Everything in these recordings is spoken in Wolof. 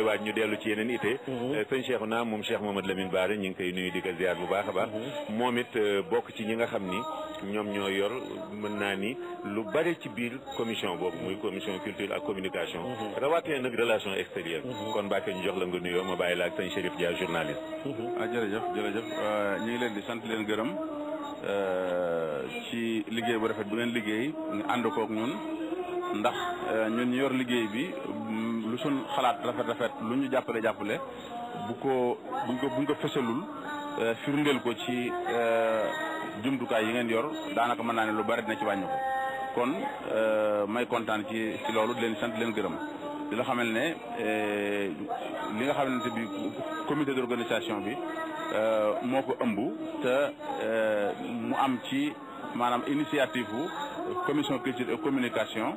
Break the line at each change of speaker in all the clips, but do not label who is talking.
Nous avons ci commission culture communication mhm. nous, nag relation extérieure mhm. kon ñu la nga nous, ak Nous nous, Dia journaliste mhm. ah, euh, lu suñ xalaat rafet rafet lu ñu jàppale jàppale bu ko buñ ko buñ ko fësalul euh, firndeel ko ci euh, jumtukaay yi ngeen yor daanaka mën naa ne lu bari dina ci wàññi ko kon euh, may kontaan ci ci loolu di leen sant leen gërëm di la xamal ne li nga xamante bi comité d'organisation bi moo ko ëmb te mu am ci maanaam initiative bu commission culture et communication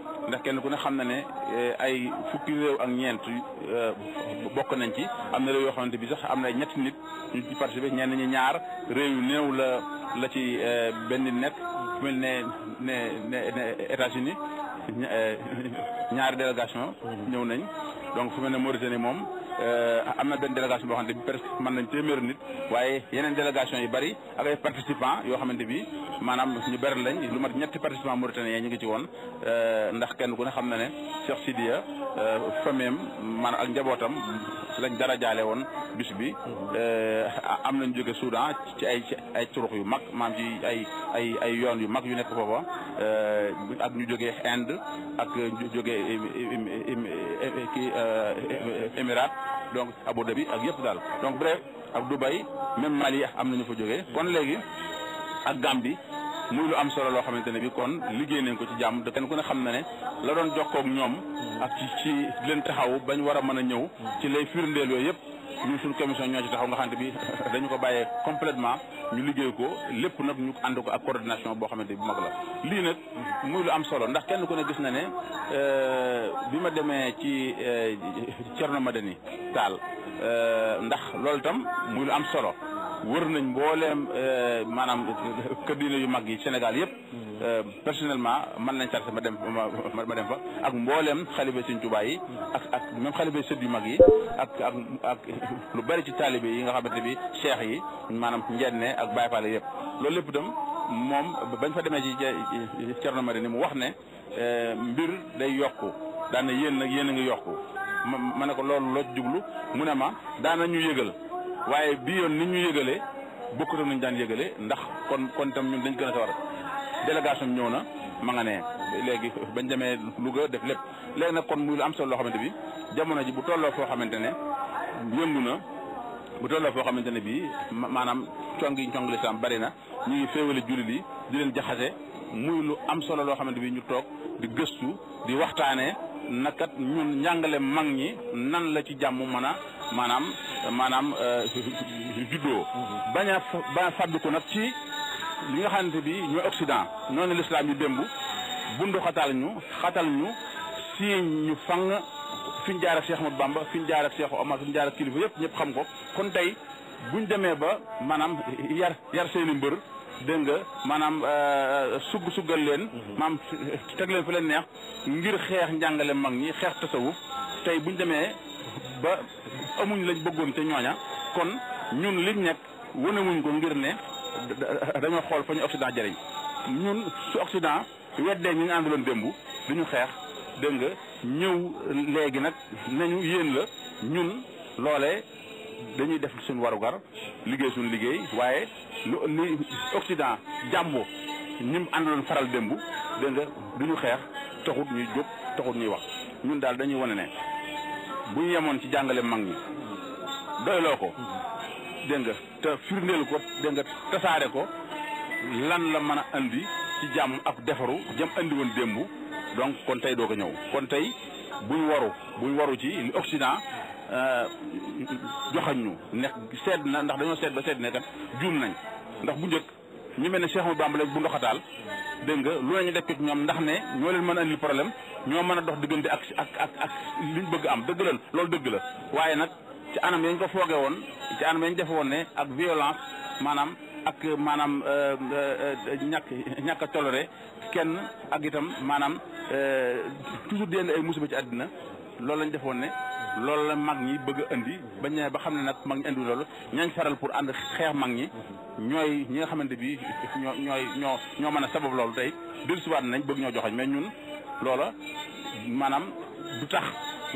ndax kenn ku ne xam na ne eh, ay fukki réew ak ñeent eh, bokk nañ ci am na réew yoo xamante bi sax am na ay ñetti nit ñu ci participé ñenn ñi ñaar réew yu néew la la ci eh, benn nekk. mel ne ne ne États-Unis euh, ñaari délégation ñëw nañ donc fu mel ne Mauritanie moom euh, am na benn délégation boo xamante bi presque mën nañ téeméeri nit waaye yeneen délégation yu bari ak ay participants yoo xamante bi maanaam ñu bari lañ lu mat ñetti participants mauritaniens ñu ngi ci woon euh, ndax kenn ku ne xam na ne Cheikh Sidiya famille am maanaam ak njabootam lañ dara jaale woon bis bi. Eh, am nañ jóge Soudan ci ay ci ay turux yu mag maam ci ay ay ay yoon yu mag yu nekk foofa eh, ak ñu jóge Inde ak ñu jógee kii eh, donc Abu bi ak yëpp daal donc bref ak Dubaï même Mali am nañu fa jóge kon léegi ak Gambie. muy lu am solo loo xamante ne bi kon liggéey nañ ko ci jàmm kenn ku ne xam na ne la doon jokkoog ñoom ak ci ci leen taxaw bañ war a mën a ñëw ci lay firndeel yooyu yëpp ñun suñ commission ñoo ci taxaw nga xamante bi dañu ko bàyyee complètement ñu liggéey ko lépp nag ñu ànd ko ak coordination boo xamante bi bu mag la lii nag muy lu am solo ndax kenn ko ne gis na ne euh, bi ma demee ci Cerno euh, Madani Taal euh, ndax loolu tam muy am solo wër nañ mbooleem euh, maanaam kër diine yu mag yi Sénégal yëpp mhm. euh, personnellement man nañ chargé ma dem ma dem fa ak mbooleem xalifa Sëñ Tuubaa yi mhm. ak ak même xalifa sët yu mag yi ak ak ak bari ci taalibe yi nga xamante bi cheikh yi maanaam njenne ak Baay Faal yëpp loolu lépp tam moom bañ fa demee ci Cerno Mari ni mu wax ne euh, mbir day yokk daana yéen nag yéen a ngi yokku ma ne ko loolu loo jublu mu ne ma daana ñu yëgal waaye bii yoon ni ñu yëgalee bokkatu nañu daan yëgalee ndax kon kon tam ñun dañ gën a sawar délégation ñëw na ma léegi bañ demee Louga def lépp léegi nag kon muy lu am solo loo xamante bi jamono ji bu tolloo foo xamante ne yëngu na bu tolloo foo xamante ne bii maanaam congi congi lislaam bari na ñu féewale jullit yi di leen jaxase muy lu am solo loo xamante bi ñu toog di gëstu di waxtaanee. nakat ñun njàngale mag ñi nan la ci jàmm mana a maanaam maanaam euh, juddoo mm-hmm. bañ a nag ci li nga xamante bi ñoo Occident noonu lislaam yi démb bundu xatal ñu xatal ñu siiñ ñu fang fi ñu jaar ak Cheikh Ahmadou Bamba fi ñu jaar ak Cheikh Omar fi ñu jaar ak yëpp ñëpp xam ko kon tey buñ demee ba maanaam yar yar seeni mbër dégg nga maanaam euh, euh, sugg suggal leen mhm. maam teg leen fi leen neex ngir xeex njàngale mag ñi xeex tasawuf tey bu ñu demee ba amuñ lañ bëggoon ca ñooña kon ñun liñ nekk wanewuñ ko ngir ne dañoo xool fa ñu Occident jëriñ ñun su Occident weddee ngi ñu ànduloon démb ñu xeex dégg nga ñëw léegi nag nañu yéen la ñun loole dañuy def suñ warugar liggéey suñ liggéey waaye lu ni Occident jàmbo ñim àndaloon faral démb dégg nga du ñu xeex taxut ñuy jóg taxut ñuy wax ñun daal dañuy wane ne bu ñu yemoon ci jàngale mag ñi doyloo ko dégg nga te firndeel ko dégg nga tasaare ko lan la mën a indi ci jàmm ak defaru jëm andi woon démb donc kon tey doo ko ñëw kon tey buñ waru buñ waru ci li Occident Euh, joxañ ñu ne sedd na ndax dañoo seet ba seet ne kat juum nañ ndax bu njëkk ñu mel ne Cheikh Ahmadou Bamba bu ndoxataal dégg nga lu ne ñu def ñoom ndax ne ñoo leen mën a indi problème ñoo mën a dox diggante ak ak ak ak liñ bëgg am dëgg la loolu dëgg la waaye nag ci anam yañ ko fooge woon ci anam yañ defe woon ne ak violence maanaam ak maanaam euh, euh, ñàkk ñàkk tolore kenn ak itam maanaam toujours di ay musiba ci àddina loolu lañ defoon ne loolu la mag ñi bëgg indi ba ñëwee ba xam ne nag mag ñi indi loolu ñañ faral pour ànd xeex mag ñi ñooy ñi nga xamante bi ñoo ñooy ñoo ñoo mën a sabab loolu tey dellusiwaat nañ bëgg ñoo joxoñ me ñun loola maanaam du tax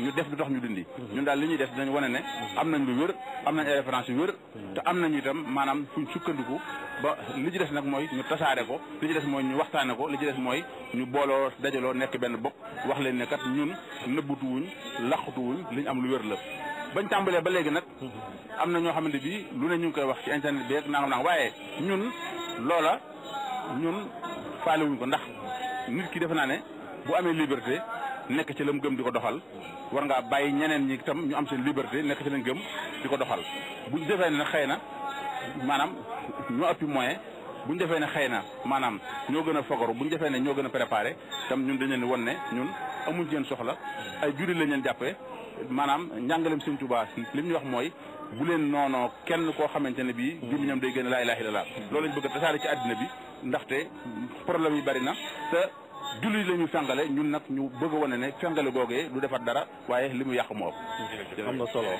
ñu def du tax ñu dindi ñun daal li ñuy def dinañ wane ne am nañ lu wér am nañ ay référence wér te am nañu itam maanaam fuñ sukkandiku ba li ci des nag mooy ñu tasaare ko li ci des mooy ñu waxtaane ko li ci des mooy ñu booloo dajaloo nekk benn bopp wax leen ne kat ñun nëbbutuwuñ laqatuwuñ li ñu am lu wér la bañ tàmbalee ba léegi nag am na ñoo xamante bi lu ne ñu ngi koy wax ci internet bi ak nangam nangam waaye ñun loola ñun faale wuñ ko ndax nit ki def naa ne bu amee liberté nekk ci la mu gëm di ko doxal war ngaa bàyyi ñeneen ñi itam ñu am seen liberté nekk ci lañ gëm di ko doxal bu ñu defee ne xëy na maanaam ñoo ëppi moyen bu ñu defee ne xëy na maanaam ñoo gën a fogoru bu ñu defee ne ñoo gën a préparé itam ñun dañu di won ne ñun amuñ seen soxla ay juri lañ leen jàppee maanaam njàngalem Sëñ Tuubaa li mu ñu wax mooy bu leen noonoo kenn koo xamante ne bii gémmiñam day gën a laa ilaaha illallaah loolu lañ bëgg a tasaare ci àddina bi ndaxte problème yi bari na julli la ñu fengale ñun nag ñu bëgg a wane ne fengale googee du defar dara waaye li mu yàq moo ëpp am na solo